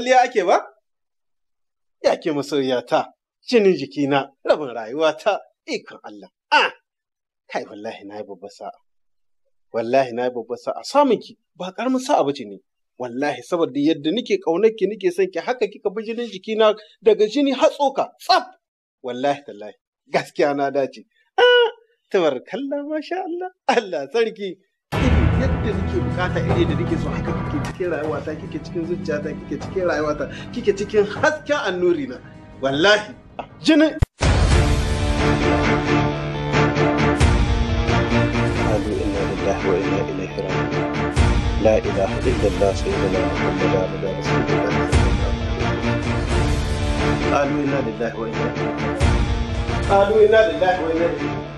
kwalliya ake ba? Ya ke masoyata, jinin jikina, rabin rayuwa rayuwata, ikon Allah. Ah, kai wallahi na yi babbar sa'a. Wallahi na yi babbar sa'a, samun ki ba karamin sa'a ba ne. Wallahi saboda yadda nike ƙaunar ki nike son ki haka kika bi jinin jikina daga jini har tsoka tsaf. Wallahi tallahi gaskiya na dace. Ah, kalla, masha Allah. Allah sarki. Irin yadda nike bukata iri da nike so haka kike cikin rayuwata kike cikin zuciyata kike cikin rayuwata kike cikin hasken annuri na wallahi jini لا إله إلا الله سيدنا محمد da رسول الله da إنا لله وإنا إليه قالوا إنا لله وإنا إليه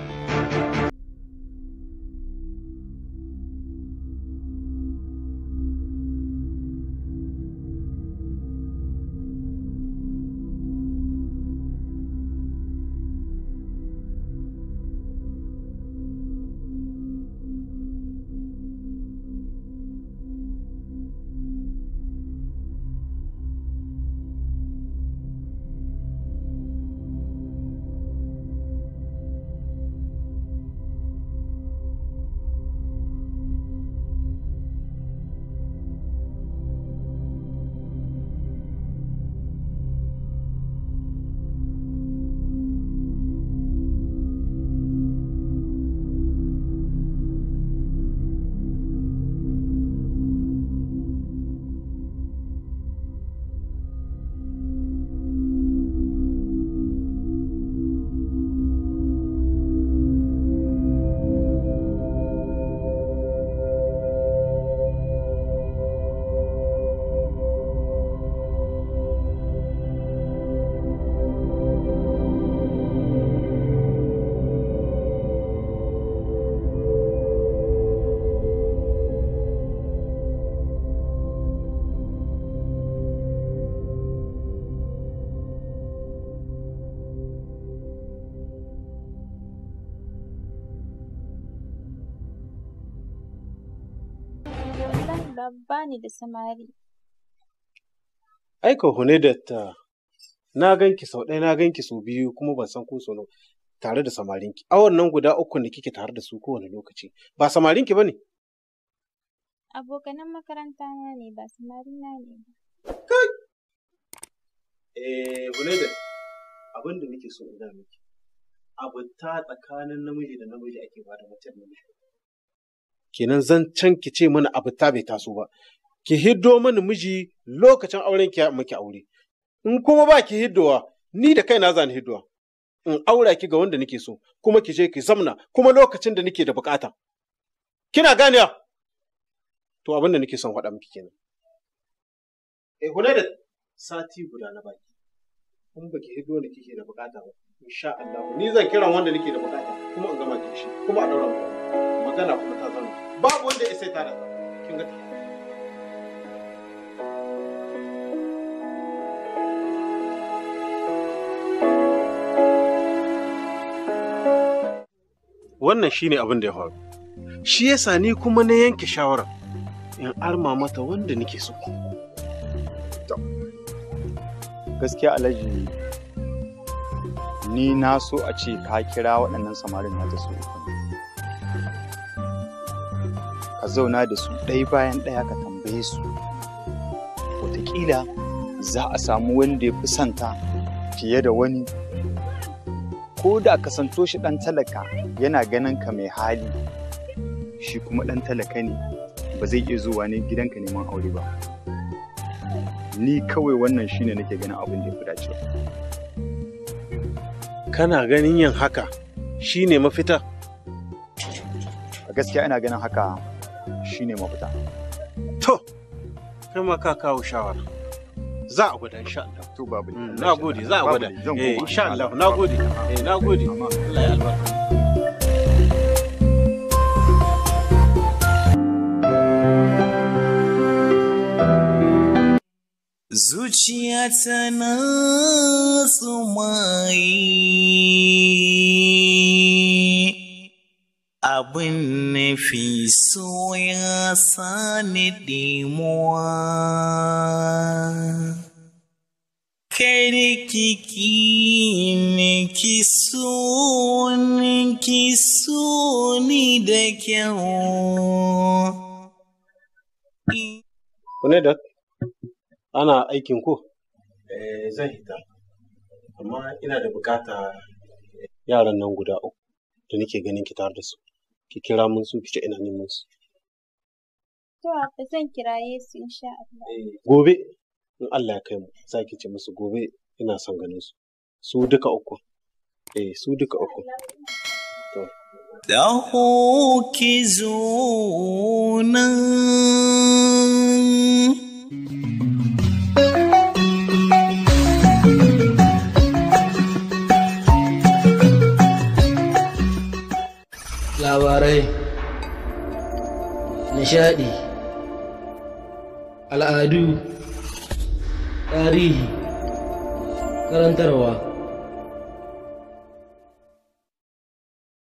yara ba ni da samari. da ta. na ganki sau ɗaya na ganki sau biyu kuma ban san ko sau nawa tare da samarinki. Awon nan guda uku da kike tare da su kowane lokaci. Ba samarinki ba ne? Abokanan makaranta na ne ba na ne ba. Kai! Eh, Hunedat, abin da nake so in miki. Abu ta tsakanin namiji da namiji ake ba da mutum namiji. kenan zan can ki ce mana abu ta bai taso ba ki hiddo mana miji lokacin auren ki miki aure in kuma ba ki hiddowa ni da kaina zan hiddowa in aura ki ga wanda nake so kuma ki je ki zamna kuma lokacin da nake da bukata kina ganiya to abin da nake son faɗa miki kenan eh kuna da sati guda na baki in baki hiddo ni kike da bukata ba insha Allah ni zan kira wanda nake da bukata kuma in gama ki shi kuma a daura mu magana kuma ta zama babu wanda ya sai da kin ga wannan shine abin da ya faru shi yasa ni kuma na yanke shawara in arma mata wanda nake so gaskiya alhaji ni na so a ce ka kira waɗannan samarin na ta so ka zauna da su ɗaya bayan ɗaya ka tambaye su wataƙila za a samu wanda ya fi santa fiye da wani ko da ka santo shi ɗan talaka yana ganin ka mai hali shi kuma ɗan talaka ne ba zai iya zuwa ne gidanka neman aure ba ni kawai wannan shine nake ganin abin da ya fi dacewa kana ganin yin haka shine mafita a gaskiya ina ganin haka shine mafita to kai ma ka kawo shawara za a gwada insha Allah to babu mm, na gode za a gwada eh insha Allah na gode eh na gode Allah ya albarka Zuciya tana tsumayi abin nufi so ya sani dimuwa. Karkiki ne ki so ni ki ni da kyau. Kune da ana aikin ko? Eh, zan hita, amma ina da bukata eh, yaran nan guda uku da nake ganin ki tare da su. ki kira mun su ki ce ina neman su to abba zan Yesu in sha Allah eh, gobe in Allah ya kai mu za ki ce musu gobe ina son ganin su su duka uku eh su duka uku to dahu ki zunan labarai nishadi al'adu tarihi karantarwa